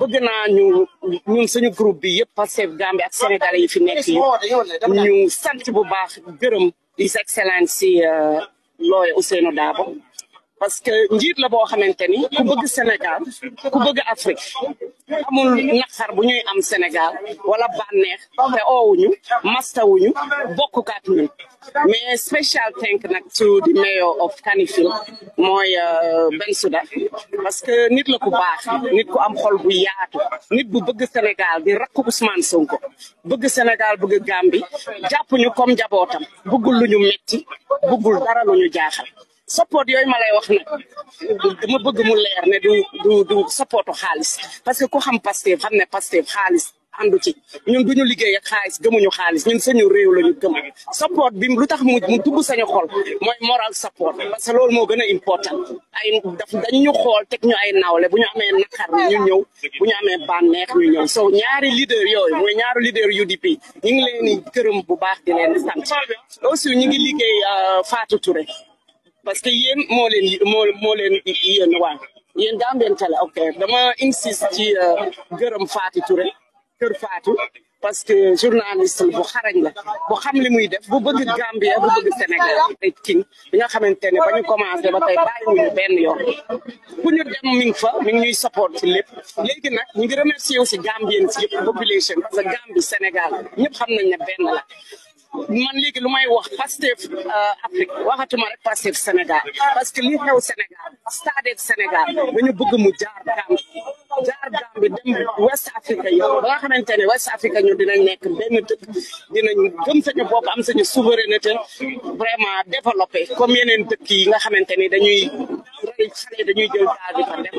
bëgg naa ñu ñun suñu groupe bi yëpp Pastef Gambie ak sénégalais yi fi nekk ñu sant bu baax gërëm His Excellency euh, looy Ousainou Darboe parce que njiit la boo xamante ni ku bëgg Sénégal ku bëgg Afrique amul naqar bu ñuy am Sénégal wala bànneex te oowuñu mastawuñu bokkukaat ñun mais special thank nag to the mayor of Kanifing mooy euh, Bensouda parce que nit la ku baax nit ku am xol bu yaatu nit bu bëgg Sénégal di rakk Ousmane Sonko bëgg Sénégal bëgg Gambie jàpp ñu comme bëggul lu ñu metti bëggul dara lu ñu jaaxal support yooyu ma lay wax nag dama bëgg mu leer ne du du du supportu xaalis parce que ku xam Pastef xam ne Pastef xaalis àndu ci ñun duñu liggéey ak xaalis gëmuñu xaalis ñun suñu réew lañu gëm support bi lu tax mu mu dugg sañu xol mooy moral support parce lool moo gën a important ay daf dañu ñu xool teg ñu ay nawle bu ñu amee naqar ñu ñëw bu ñu amee bànneex ñu ñëw so ñaari lider yooyu mooy ñaari leader UDP ñu ngi leen di gërëm bu baax di leen di sant aussi ñu ngi liggéey euh, Fatou Touré parce que yéen moo leen moo moo leen yéen waa yéen Gambian Talents ok dama insiste ci euh, gërëm Fatou Touré kër Fatou parce que journaliste bu xarañ la bu xam li muy def bu bëgg Gambia bu bëgg Sénégal ay king bi nga xamante ne ba ñu ba tey bàyyi benn yoon bu ñu dem mi fa mi ngi ñuy support ci lépp léegi nag ñu ngi si aussi Gambien si yëpp population parce que Sénégal ñëpp xam nañ ne benn la man léegi lu may wax Pastef euh, Afrique waxatuma rek Pastef Sénégal parce que li xew Sénégal stade Sénégal dañu bëgg mu jaar Gàmbi jaar Gàmbi dem West Africa yow ba nga xamante ne West Africa ñu dinañ nekk benn dëkk dinañ gëm sañu bopp am sañu souveraineté vraiment développé comme yeneen dëkk yi nga xamante ni dañuy rey xale dañuy jël gaal fa dem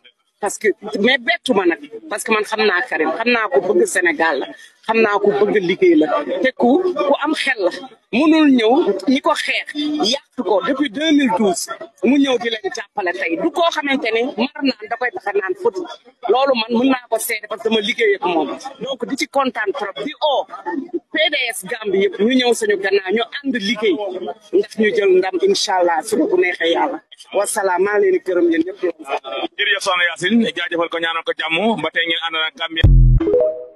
parce que mais bettu ma nag parce que man xam naa Karim xam naa ko bëgg Sénégal la xam naa ko bëgg liggéey la te ku ku am xel la nu ñëw ñi ko xeex yàq ko depuis 2012 mu ñëw di leen jàppale tey du koo xamante ne mar naan da koy tax a naan fët loolu man mun naa ko seede parce que dama liggéey ak moom donc di ci kontaan trop di oo PDS Gàmbi yëpp ñu ñëw sañu gannaaw ñu ànd liggéey ndax ñu jël ndam incha allah suba bu neexee yàlla wasalaam maa ngi leen di gërëm yéen ñëpp. jërëjëf soxna Yacine jaajëfal ko ñaanal ko jàmm ba tey ngeen ànd na